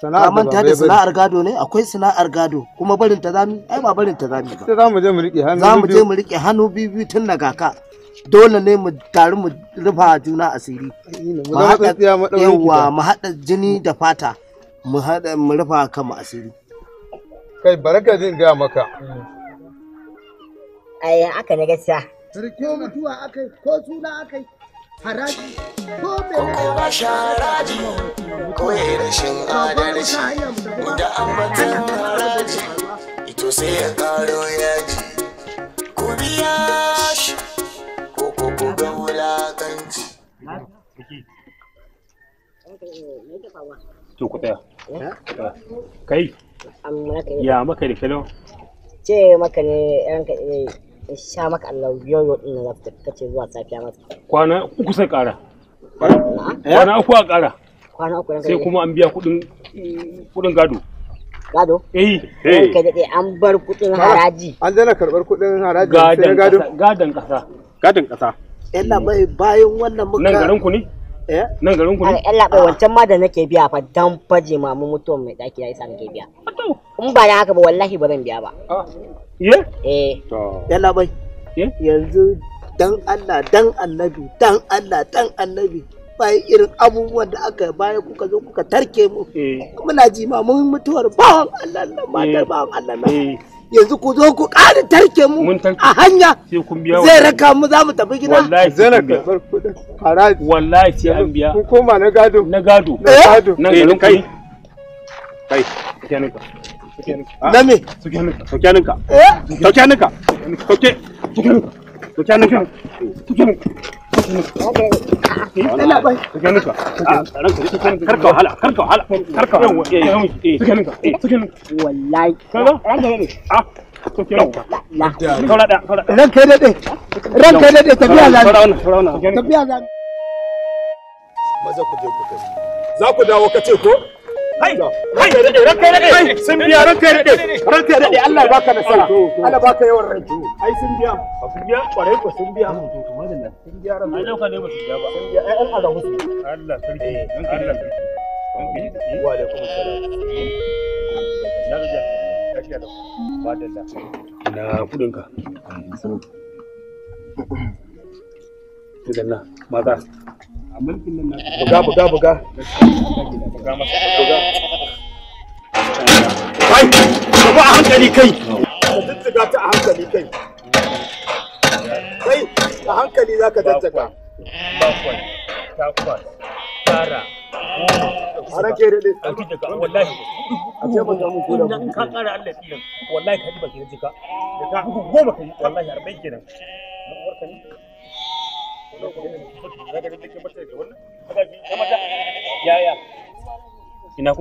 [SPEAKER 2] Sana'ar manta da sana'ar
[SPEAKER 1] gado ne akwai sana'ar gado kuma barin ta zami ai ba barin ta zami ba. Za mu je mu rike hannu Za mu je mu rike hannu biyu tun na gaka. Dole ne mu taru mu rufa juna asiri. Mu haɗa yawa mu haɗa jini da fata. Mu haɗa mu rufa kanmu asiri. Kai baraka jin ga maka. Hmm.
[SPEAKER 2] Ai aka ne gaskiya. Sarki mutuwa akai ko suna akai. haraji ko
[SPEAKER 1] mene ba haraji
[SPEAKER 2] ko rashin adalci
[SPEAKER 1] da ambatan haraji ito sai ya karo yaji
[SPEAKER 2] ku biya shi ko ko ku ga wulakanci
[SPEAKER 1] to ku tsaya kai ya maka da
[SPEAKER 2] ce maka ne ranka ne eh, sha maka Allah yoyo din nan zuwa safiya mata
[SPEAKER 1] kwana uku sai kara kwana uku a kara
[SPEAKER 2] kwana uku sai kuma
[SPEAKER 1] an biya kudin kudin gado gado eh eh kai
[SPEAKER 2] dade an bar kudin haraji an dana karbar
[SPEAKER 1] kudin haraji gadon gado
[SPEAKER 2] gadon kasa
[SPEAKER 1] gadon kasa bai bayan wannan muka nan garin ku
[SPEAKER 2] ne Eh? nan garin ku ne Allah ba ah. wancan ma da nake biya fa dan faje mamu mutuwan mai daki ya isa nake biya in ba haka ba wallahi ba zan biya ba ah. eh eh
[SPEAKER 1] yalla bai yanzu dan Allah dan annabi dan Allah dan annabi bai irin abubuwan da aka baya kuka zo kuka tarke mu eh. muna ji ma mun mutuwar ba Allah eh. ba Allah yanzu ku zo ku ƙara tarke mu a hanya zai raka mu za mu tafi gida wallahi zai haraji wallahi sai an biya ku koma na gado na gado na eh? gado na eh, kai kai ah. na maza ku je ku za ku dawo kace ko Hai, hai, ranka daɗe, sun biya ranka daɗe, ranka daɗe, Allah ya baka nasara, Allah baka yawan ranki. Ai sun biya, ba sun biya, ƙwarai ko sun biya. alhamdulillah sun gyara ne dauka ne ba sun ai Allah sarki eh, Allah sarki wa da ba da da na kudin ka maza a
[SPEAKER 2] mulkin nan na buga buga buga
[SPEAKER 1] buga masa buga kai ka ba a hankali kai ka ta a hankali kai kai a hankali za ka tattaka bakwai takwas tara a rake daɗe a jijjika wallahi a ce ban
[SPEAKER 2] gamu ko da ka ƙara
[SPEAKER 1] Allah tsirin wallahi ka ji baki da jika da ka goma ka yi wallahi arba'in kenan yaya ina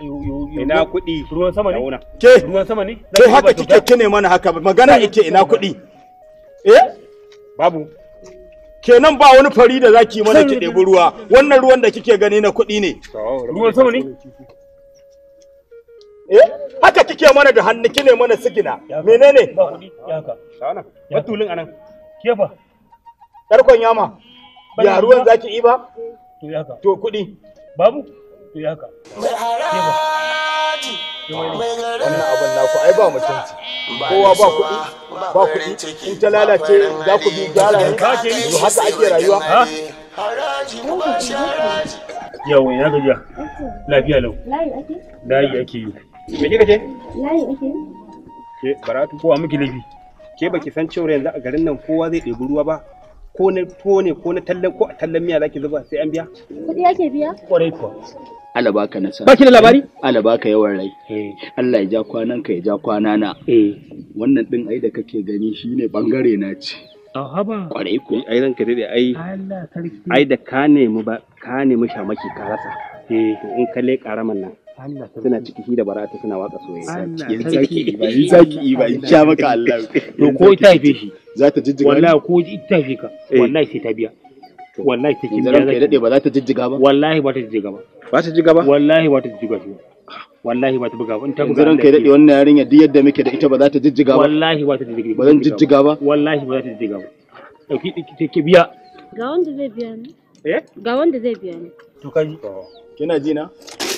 [SPEAKER 1] ina kuɗi ruwan sama ne ke ruwan sama ne ke haka kike kine mana haka magana yake ina kuɗi eh babu kenan ba wani fari da zaki mana ki ɗebi ruwa wannan ruwan da kike gani na kuɗi ne ruwan sama ne eh haka kike mana da hannu kine mana sigina menene ba kuɗi haka batulin anan kefa tarkon yama ya ruwan zaki iba to kuɗi babu yi haka kowa ba kuɗi in ta lalace za ku bi ne haka ake rayuwa yawon ya gajiya lafiya lau layi ake yi me kika ke baratu kowa miki laifi ke baki san cewa yanzu a garin nan kowa zai ɗebi ruwa ba ko tuwo ne ko na tallan ko a tallan miya zaki zuba sai an biya
[SPEAKER 2] kuɗi ake biya
[SPEAKER 1] kwarai kuwa Allah baka nasara. Baki da labari? Allah baka yawan rai. Allah ya ja kwanan ka ya ja kwana na. Wannan din ai da kake gani shine bangare na ce.
[SPEAKER 2] Ahaba. Kwarai ko.
[SPEAKER 1] Ai ranka dai ai. Allah sarki. Ai da ka nemi ba ka nemi shamaki ka rasa. Eh to in ka le karaman nan. suna ciki shi da barata suna waka soyayya in zaki ba in zaki ba in sha maka Allah to ko ita haife shi za ta jijjiga wallahi ko ita haife ka wallahi sai ta biya wallahi ta kimiyya zai dade ba za ta jijjiga ba wallahi ba ta jijjiga ba ba ta jijjiga ba wallahi ba ta jijjiga ba wallahi ba ta buga ba in ta buga zan kai dade wannan yarinya duk yadda muke da ita ba za ta jijjiga ba wallahi ba ta jijjiga ba zan jijjiga ba wallahi ba za ta jijjiga ba dauki take biya
[SPEAKER 2] ga wanda zai biya ni?
[SPEAKER 1] eh ga wanda zai biya ni? to kai kina ji na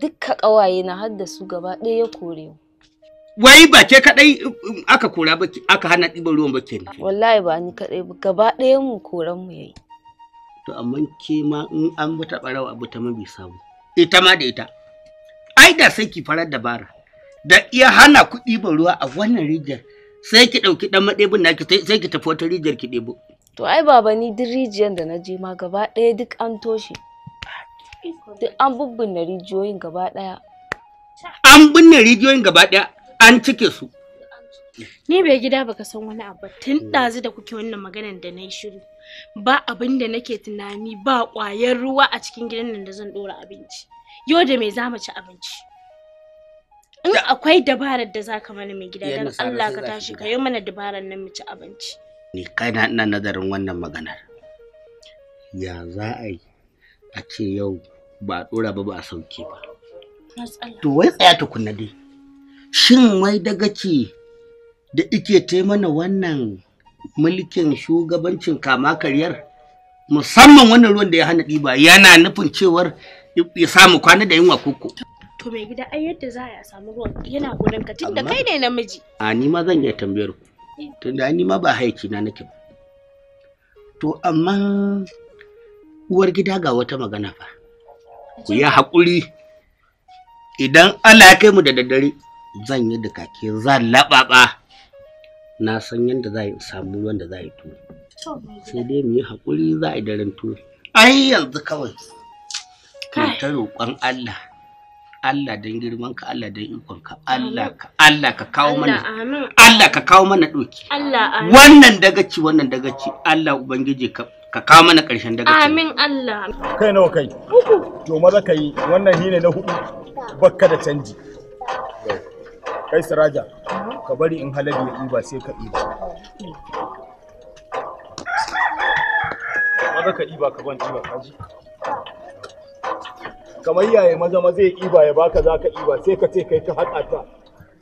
[SPEAKER 2] dukka ƙawaye na har da su gaba ɗaya ya kore
[SPEAKER 1] wai ba ke kadai um, aka kora ba aka hana ɗiban ruwan ba ke
[SPEAKER 2] wallahi ba ni kadai ba gaba ɗaya mu koran mu yayi
[SPEAKER 1] to amma ke ma in an bi ta barawa abu ta mabi samu ita ma da ita ai da sai ki farar dabara da iya hana ku ɗiban ruwa a wannan rijiyar sai ki ɗauki ɗan maɗebin ki sai ki tafi wata rijiyar ki ɗebo
[SPEAKER 2] to ai baba ni duk rijiyar da na je ma gaba ɗaya duk an toshe duk an bubbunna rijiyoyin gaba daya
[SPEAKER 1] an binne rijiyoyin gaba daya an cike su
[SPEAKER 2] ni bai gida baka san wani abu tun ɗazu da kuke wannan maganan da na yi shiru ba abin da nake tunani ba ƙwayar ruwa a cikin gidan nan da zan ɗora abinci yau da me za mu ci abinci in akwai dabarar da za ka mana mai gida don Allah ka tashi ka yi mana dabarar nan mu ci abinci
[SPEAKER 1] ni kaina ina nazarin wannan maganar ya za a yi a ce yau ba a ɗora ba ba a sauke ba. To wai tsaya kunna dai. Shin wai daga ce da ike taimana wannan mulkin shugabancin kama karyar musamman wannan ruwan da ya hana ɗiba yana nufin cewar ya samu kwana da yunwa koko.
[SPEAKER 2] To mai gida ai yadda za a samu ruwan yana gurin ka tunda kai ne namiji.
[SPEAKER 1] A ni ma zan iya tambayar ku. Eh. Tunda ni ma ba haiki na nake ba. To amma uwar gida ga wata magana fa ku yi haƙuri idan Allah ya kai mu da daddare zan yi dukake zan laɓaɓa na san yadda za yi samu wanda za yi turi, sai dai mu yi haƙuri za a yi daren tuwo ai yanzu kawai ta roƙon Allah Allah don girman ka Allah don ikon ka Allah ka Allah ka kawo mana Allah ka kawo mana doki wannan dagaci wannan dagaci Allah ubangiji ka ka kawo mana ƙarshen daga
[SPEAKER 2] amin Allah kai nawa kai uku
[SPEAKER 1] to maza ka yi wannan shine na hudu bakka da canji kai siraja ka bari in halabi ya ɗiba sai ka ɗiba maza ka ɗiba ka ban ɗiba ka ji kamar yaya maza maza ya ɗiba ya baka za ka ɗiba sai ka ce kai ka haɗa ta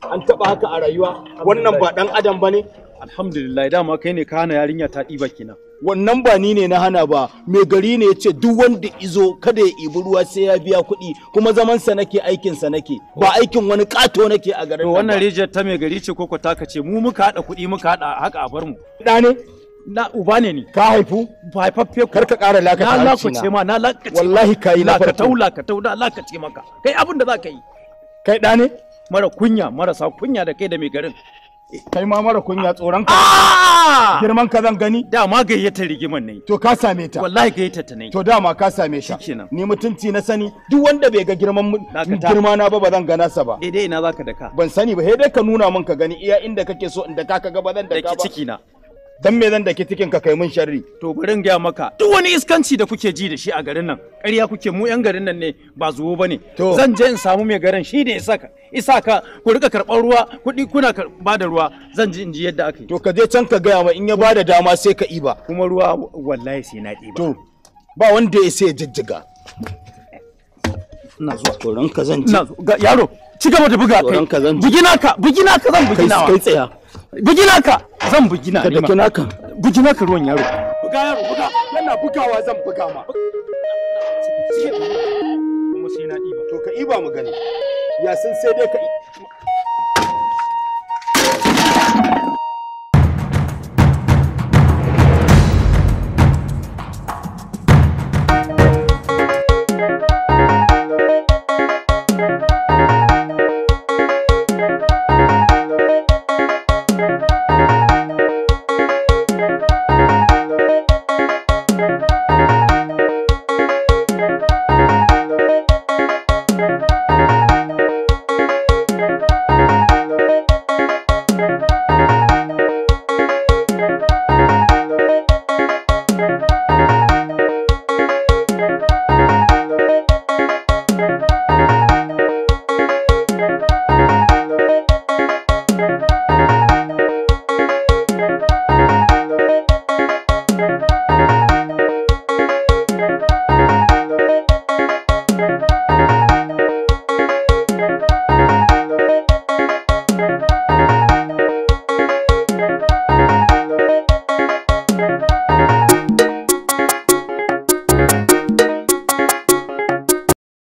[SPEAKER 1] an taɓa haka a rayuwa wannan ba ɗan adam ba ne alhamdulillah dama kai ne ka hana yarinya ta ɗiba kenan wannan ba ni ne na hana ba mai gari ne ya ce duk wanda izo kada ya ibi ruwa sai ya biya kuɗi kuma zaman sa nake aikin sa nake ba aikin wani kato nake a garin wannan rijiyar ta mai gari ce koko taka ce mu muka hada kuɗi muka hada haka a bar mu da ne na uba ne ni ka haifu ba haifaffe kar ka ƙara lakata na lakace ma na lakace wallahi kai na farko lakatau lakatau da lakace maka kai abin da za ka yi kai da ne mara kunya mara sa kunya da kai da mai garin kai ma mara kunya tsoron ka ah! girman ka zan gani da ma gayyata rigiman ne to ka same ta wallahi gayyata ta ne to dama ka same shi ni mutunci na sani duk wanda bai ga girman girma na ba ba zan gana sa ba eh dai ina zaka daka ban sani ba he dai ka nuna min ka gani iya inda kake so inda ka ga ba zan daka ba ciki na dan me zan daki cikin ka kai mun sharri to bari gaya maka duk wani iskanci da kuke ji da shi a garin nan ƙarya kuke mu yan garin nan ne ba zuwo bane zan je in samu mai garin shi ne isaka isaka ku rika karɓar ruwa kuɗi kuna ba da ruwa zan ji in ji yadda aka yi to ka je can ka gaya ma in ya ba da dama sai ka iba kuma ruwa wallahi sai na iba to ba wanda ya sai jijjiga ina zuwa tsoron ka zan ci yaro ci gaba da buga kai bugina ka bugina ka zan bugina kai tsaya bugina ka zan bugina ne ma ka ka ruwan yaro buga yaro buga yana bugawa zan buga ma kuma sai na to ka mu gani ya sai dai ka